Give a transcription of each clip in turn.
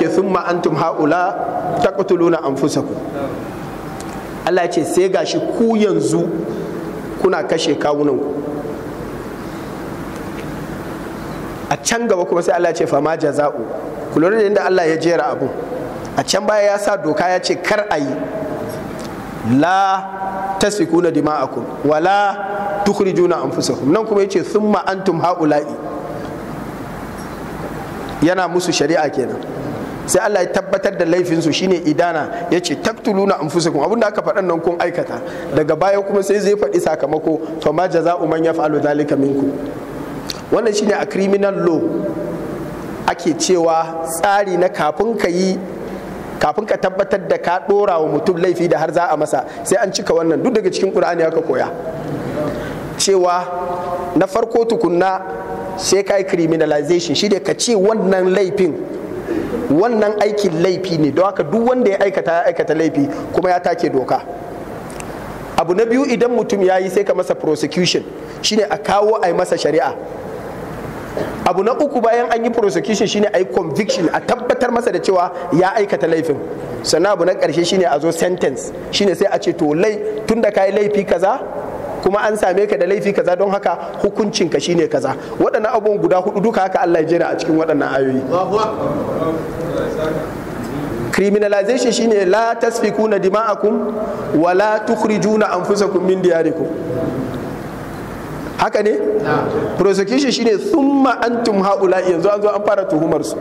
ke sun ma'antum haula na anfusakum Allah ce sai gashi ku yanzu kuna kashe kawunanku a can gaba kuma sai Allah ce fama jaza'u ku lura da inda Allah ya jera abu a can baya ya sa doka ya ce kar a yi la tasfikuna dima'akum wala tukhrijuna anfusakum nan kuma yace thumma antum haula'i yana musu shari'a kenan sai Allah ya tabbatar da laifinsu shine idana yace ce taktuluna anfusakum abinda aka faɗan nan kun aikata daga baya kuma sai zai faɗi sakamako to ma jaza'u man yaf'alu dhalika minkum wannan shine a criminal law ake cewa tsari na kafin ka yi kafin ka tabbatar da ka dora wa mutum laifi da har za a masa sai an cika wannan duk daga cikin qur'ani aka koya cewa na farko tukunna sai ka yi criminalization shi ka ce wannan laifin wannan aikin laifi ne don haka duk wanda ya aikata ya aikata laifi kuma ya take doka abu na biyu idan mutum ya yi sai ka masa prosecution shine a kawo a yi masa shari'a abu na uku bayan an yi prosecution shine a yi conviction a tabbatar masa da cewa ya aikata laifin sannan abu na karshe shine a zo sentence shine sai a ce to lai tun da ka yi laifi kaza kuma an same ka da laifi kaza don haka hukuncin ka shine kaza waɗannan abubuwan guda hudu duka haka Allah ya jera a cikin waɗannan ayoyi criminalization shine la tasfikuna dima'akum wa la tukhrijuna anfusakum min diyarikum haka ne prosecution shine thumma antum haula yanzu an zo an fara tuhumar su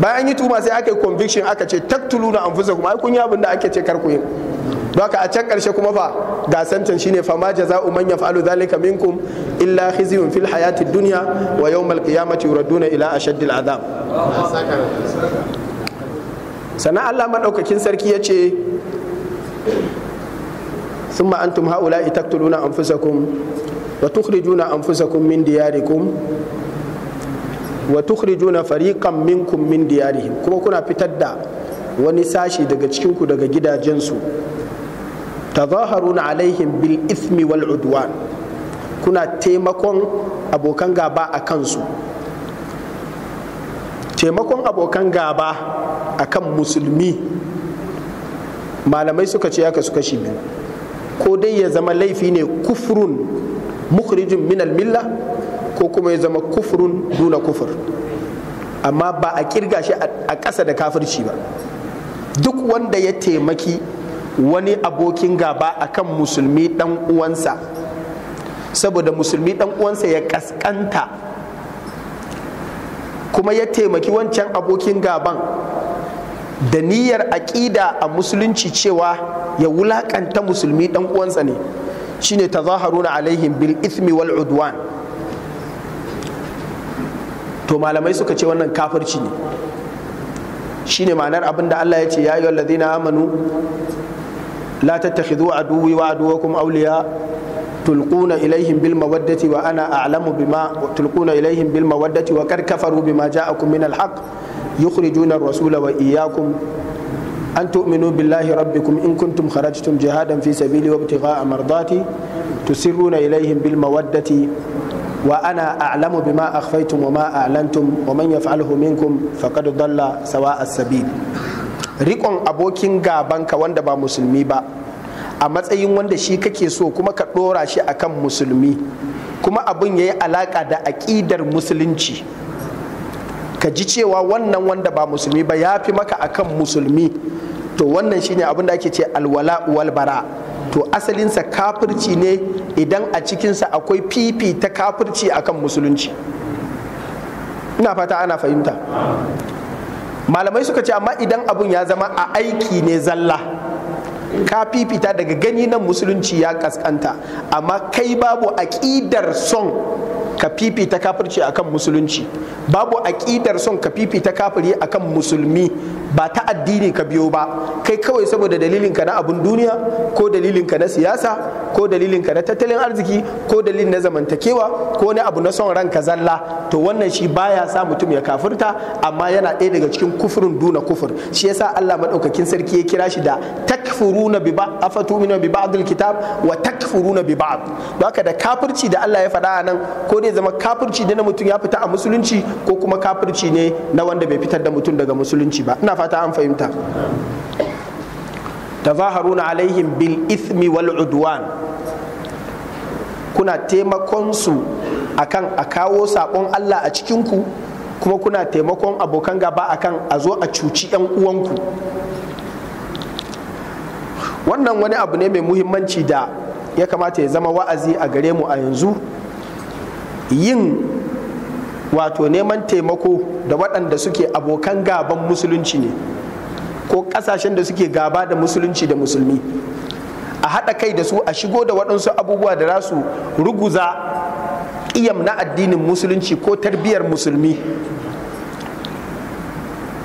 bayan yi tuhuma sai aka yi conviction aka ce taktuluna anfusakum ai kun yi abin da ake ce karku yin haka a can karshe kuma fa ga sancan shine fa ma jaza'u man yaf'alu dhalika minkum illa khizyun fil hayati dunya wa yawmal qiyamati yuraduna ila ashaddil azab sannan Allah madaukakin sarki yace ثم أنتم هؤلاء تقتلون أنفسكم وتخرجون أنفسكم من دياركم وتخرجون فريقا منكم من ديارهم كما fitar da wani sashi daga cikinku daga gidajensu tazaharuna alaihin bil ismi wal kuna taimakon abokan gaba a kansu taimakon abokan gaba a kan musulmi malamai suka ce yaka suka shi biyu ko dai ya zama laifi ne kufurun mukhrijin min milla ko kuma ya zama kufurun Nuna kufur amma ba a kirga shi a ƙasa da kafirci ba duk wanda ya taimaki wani abokin gaba akan musulmi dan uwansa saboda musulmi dan uwansa ya kaskanta kuma ya taimaki wancan abokin gaban da niyyar aƙida a musulunci cewa ya wulaƙanta musulmi dan uwansa ne shine tazaharuna alaihim bil ismi wal udwan to malamai suka ce wannan kafirci ne shine ma'anar abin da Allah ya ce ya ayyuhal ladina amanu لا تتخذوا عدوي وعدوكم أولياء تلقون إليهم بالمودة وأنا أعلم بما تلقون إليهم بالمودة وقد كفروا بما جاءكم من الحق يخرجون الرسول وإياكم أن تؤمنوا بالله ربكم إن كنتم خرجتم جهادا في سبيلي وابتغاء مرضاتي تسرون إليهم بالمودة وأنا أعلم بما أخفيتم وما أعلنتم ومن يفعله منكم فقد ضل سواء السبيل rikon abokin gabanka wanda ba musulmi ba a matsayin wanda shi kake so kuma ka ɗora shi akan musulmi kuma abin ya yi alaƙa da aƙidar musulunci ka ji cewa wannan wanda ba musulmi ba ya fi maka akan musulmi to wannan shine abin da ake ce alwala walbara to asalinsa kafirci ne idan a cikinsa akwai fifi ta kafirci akan musulunci ina fata ana fahimta malamai suka ce amma idan abun ya zama a aiki ne zalla ka fifita daga gani nan musulunci ya kaskanta amma kai babu aƙidar son ka fifita kafirci akan musulunci babu aƙidar son ka fifita kafiri akan musulmi ba ta addini ka biyo ba kai kawai saboda dalilin ka na abun duniya ko dalilinka na siyasa ko dalilinka na tattalin arziki ko dalilin na zamantakewa ko wani abu na son ranka zalla to wannan shi baya sa mutum ya kafirta amma yana ɗaya daga cikin kufurin duna kufur shi yasa Allah madaukakin sarki ya kira shi da takfuruna bi ba afatu min bi ba'd kitab wa takfuruna bi ba'd haka da kafirci da Allah ya faɗa a nan ko dai ya zama kafirci ne na mutum ya fita a musulunci ko kuma kafirci ne na wanda bai fitar da mutum daga musulunci ba ina fata an fahimta tazaharuna alaihim bil ithmi wal udwan kuna taimakon su akan a kawo saƙon Allah a cikin ku? kuma kuna taimakon abokan gaba akan a zo a cuci 'yan uwanku wannan wani abu ne mai muhimmanci da ya kamata ya zama wa'azi a gare mu a yanzu yin wato neman taimako da waɗanda suke abokan gaban musulunci ne ko ƙasashen da suke gaba da musulunci da musulmi a haɗa kai da su a shigo da waɗansu abubuwa da rasu ruguza ƙiyam na addinin musulunci ko tarbiyyar musulmi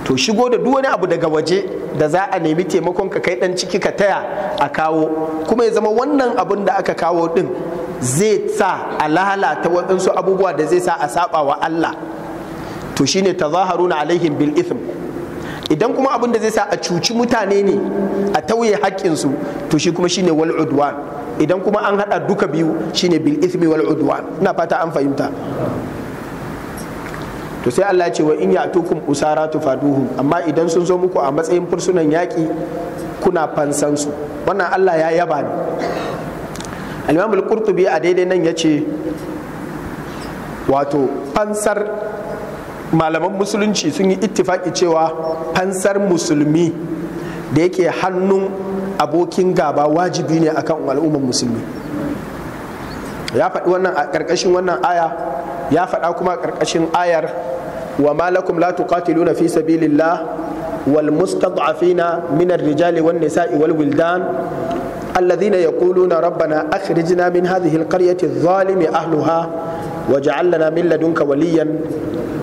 to shigo da duk wani abu daga waje da za a nemi taimakon ka kai ɗan ciki ka taya a kawo kuma ya zama wannan abun da aka kawo ɗin zai sa a lalata waɗansu abubuwa da zai sa a saba wa Allah to shine na alaihim bil ithm idan kuma abin da zai sa a cuci mutane ne a tauye haƙƙinsu to shi kuma shine wal udwan idan kuma an haɗa duka biyu shine bil ithmi wal udwan ina fata an fahimta to sai Allah ce wa in ya ya'tukum usara tufaduhu amma idan sun zo muku a matsayin fursunan yaƙi kuna fansansu wannan Allah ya yaba ne Alimamul kurtubi a daidai nan ya ce, wato fansar malaman musulunci sun yi ittifaki cewa fansar musulmi da yake hannun abokin gaba wajibi ne akan al'umman musulmi ya faɗi wannan a ƙarƙashin wannan aya ya faɗa kuma a ƙarƙashin ayar wa malakum la tuqatiluna fi sabilillah wal mustad'afina min rijali wan nisa'i wal wildan alladhina yaquluna rabbana akhrijna min hadhihi alqaryati adh-dhalimi ahluha waj'al lana min ladunka waliyan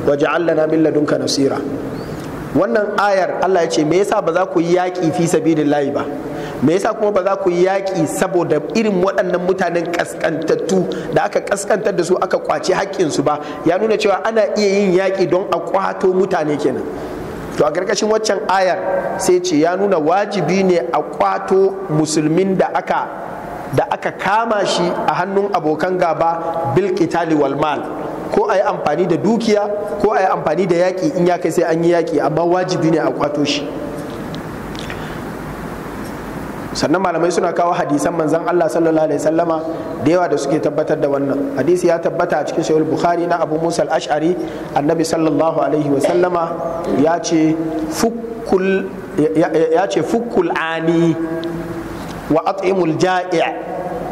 waj'al lana min ladunka nasira wannan ayar Allah ya ce me yasa ba za ku yi yaƙi fi sabilillahi ba me yasa kuma ba za ku yi yaƙi saboda irin waɗannan mutanen kaskantattu da aka kaskantar da su aka kwace haƙƙinsu ba ya nuna cewa ana iya yin yaƙi don a kwato mutane kenan to a ƙarƙashin waccan ayar sai ce ya nuna wajibi ne a kwato musulmin da aka da aka kama shi a hannun abokan gaba bil qitali ko a yi amfani da dukiya ko a yi amfani da yaƙi in ya kai sai an yi yaƙi amma wajibi ne a kwato shi sannan malamai suna kawo hadisan manzan Allah sallallahu alaihi sallama da yawa da suke tabbatar da wannan hadisi ya tabbata a cikin sahih bukhari na abu musa al-ash'ari annabi sallallahu alaihi wa sallama ya ce fukkul ya ce ani wa at'imul ja'i'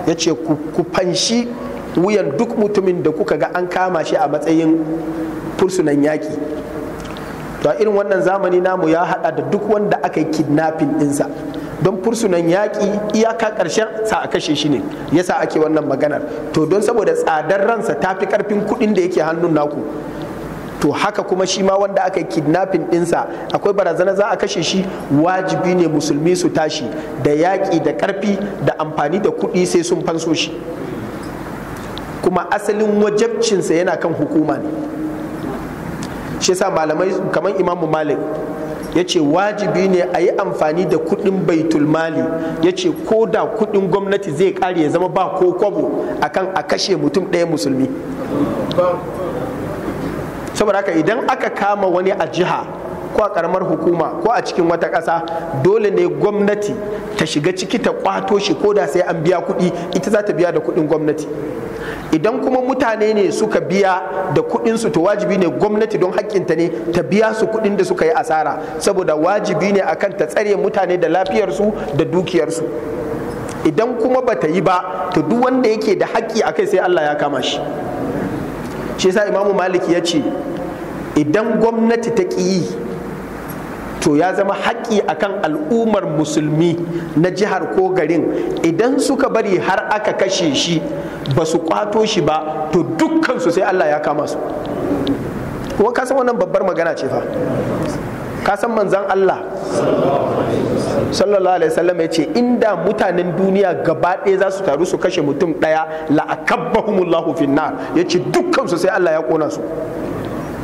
ya ce ku fanshi wuyan duk mutumin da kuka ga an kama shi a matsayin fursunan yaki to irin wannan zamani namu ya hada da duk wanda aka yi kidnapping ɗinsa. don fursunan yaƙi iyaka ƙarshen sa a kashe shi ne yasa ake wannan maganar to don saboda tsadar ransa ta fi ƙarfin kuɗin da yake hannun naku to haka kuma shi ma wanda aka yi kidnapping ɗinsa akwai barazana za a kashe shi wajibi ne musulmi su tashi da yaƙi da ƙarfi da amfani da kuɗi sai sun fanso shi kuma asalin wajabcinsa yana kan hukuma ne shi sa malamai kamar imamu malik ya ce wajibi ne a yi amfani da kudin baitulmali ya ce ko da kuɗin gwamnati zai kare ya zama ba ko kwabo akan a kashe mutum ɗaya musulmi saboda haka idan aka kama wani a jiha ko a ƙaramar hukuma ko a cikin wata ƙasa dole ne gwamnati ta shiga ciki ta ƙwato shi ko da sai an biya kuɗi ita za ta biya da kuɗin gwamnati idan kuma mutane ne suka biya da kuɗin su to wajibi ne gwamnati don haƙƙinta ne ta biya su kuɗin da suka yi asara saboda wajibi ne akan ta tsare mutane da lafiyarsu da dukiyarsu idan kuma bata yi ba to duk wanda yake da haƙƙi akai sai Allah ya kama shi shi yasa imamu maliki ya ce idan gwamnati ta ƙi yi to ya zama haƙƙi akan al'ummar musulmi na jihar ko garin idan suka bari har aka kashe shi ba su kwato shi ba to dukkansu sai Allah ya kama su kuma kasan wannan babbar magana ce fa kasan manzan Allah sallallahu alaihi wasallam ya ce inda mutanen duniya gaba ɗaya za su taru su kashe mutum ɗaya la'akabbahumullahu finnar ya ce dukkansu sai Allah ya kona su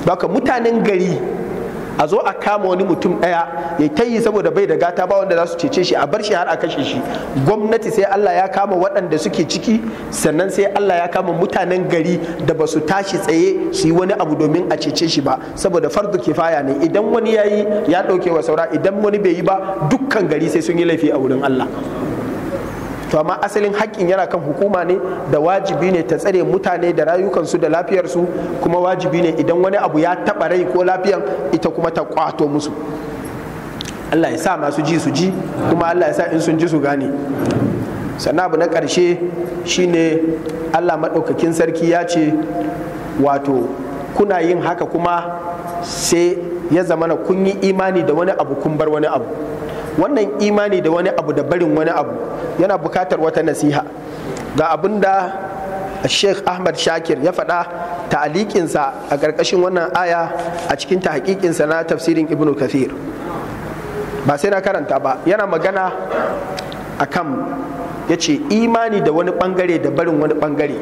baka mutanen gari a zo a kama wani mutum ɗaya ya tayi saboda bai da gata ba wanda za su cece shi a bar shi har a kashe shi gwamnati sai Allah ya kama waɗanda suke ciki sannan sai Allah ya kama mutanen gari da ba su tashi tsaye su yi wani abu domin a cece shi ba saboda fardu kifaya ne idan wani ya yi ya ɗauke wa saura idan wani bai yi ba dukkan gari sai sun yi laifi a wurin Allah to amma asalin haƙƙin yana kan hukuma ne da wajibi ne ta tsare mutane da rayukansu da lafiyarsu kuma wajibi ne idan wani abu ya taɓa rai ko lafiyan ita kuma ta ƙwato musu Allah ya sa masu ji su ji kuma Allah ya sa in sun ji su gane sannan abu na ƙarshe shine Allah maɗaukakin sarki ya ce wato kuna yin haka kuma sai ya zamana kun yi imani da wani abu kun bar wani abu wannan imani da wani abu da barin wani abu yana bukatar wata nasiha ga abin da sheikh ahmad shakir ya faɗa ta'alikinsa a ƙarƙashin wannan aya a cikin tahqiqinsa na tafsirin ibnu kathir ba sai na karanta ba yana magana a akan ya ce imani da wani ɓangare da barin wani ɓangare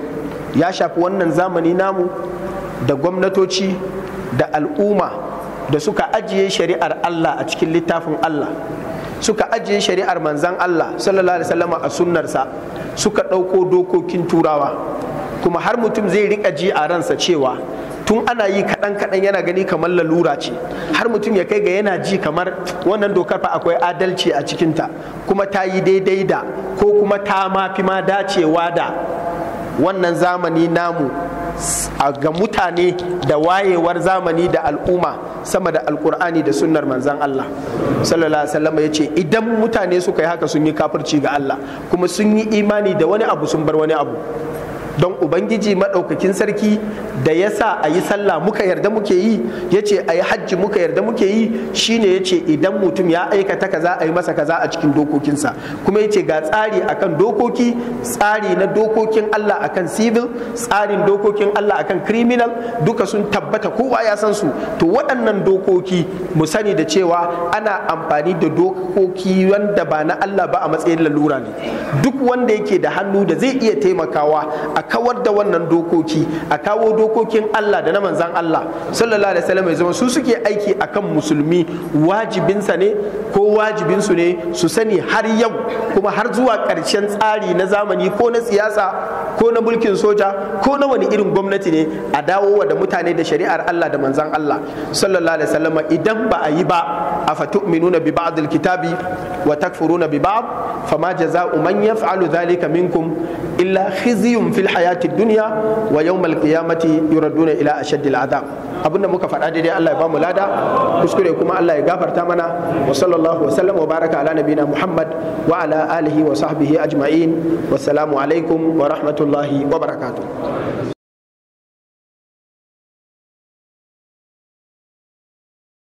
ya shafi wannan zamani namu da gwamnatoci da al'umma da suka ajiye shari'ar Allah a cikin littafin Allah suka ajiye shari'ar manzan Allah sallallahu alaihi wasallam a sunnarsa suka ɗauko dokokin turawa kuma har mutum zai riƙa ji a ransa cewa tun ana yi kaɗan kaɗan yana gani kamar lalura ce har mutum ya kai ga yana ji kamar wannan dokar fa akwai adalci a cikinta kuma ta yi daidai da ko kuma ta mafi ma dacewa da wannan zamani namu ga mutane da wayewar zamani da al'umma sama da alkur'ani da sunnar manzan Allah sallallahu alaihi ya ce idan mutane suka yi haka sun yi kafirci ga Allah kuma sun yi imani da wani abu sun bar wani abu don ubangiji maɗaukakin sarki da ya sa a yi sallah muka yarda muke yi ya ce a yi hajji muka yarda muke yi shine ya ce idan mutum ya aikata kaza a yi masa kaza a cikin dokokinsa kuma ya ce ga tsari akan dokoki tsari na dokokin allah akan civil tsarin dokokin allah akan criminal duka sun tabbata kowa ya san su to waɗannan dokoki mu sani da cewa ana amfani da dokoki wanda ba na allah ba a matsayin lalura ne duk wanda yake da hannu da zai iya taimakawa a a kawar da wannan dokoki a kawo dokokin Allah da na manzan Allah sallallahu alaihi wasallam ya zama su suke aiki akan musulmi wajibinsa ne ko wajibinsu ne su sani har yau kuma har zuwa ƙarshen tsari na zamani ko na siyasa ko na mulkin soja ko na wani irin gwamnati ne a dawowa da mutane da shari'ar Allah da manzan Allah sallallahu alaihi wasallam idan ba a yi ba أفتؤمنون ببعض الكتاب وتكفرون ببعض فما جزاء من يفعل ذلك منكم إلا خزي في الحياة الدنيا ويوم القيامة يردون إلى أشد العذاب abinda muka faɗa daidai Allah ya bamu lada kuskure kuma Allah ya gafarta mana wa sallallahu wa sallam wa baraka ala nabina Muhammad wa ala alihi wa sahbihi ajma'in wassalamu alaikum wa rahmatullahi wa barakatuh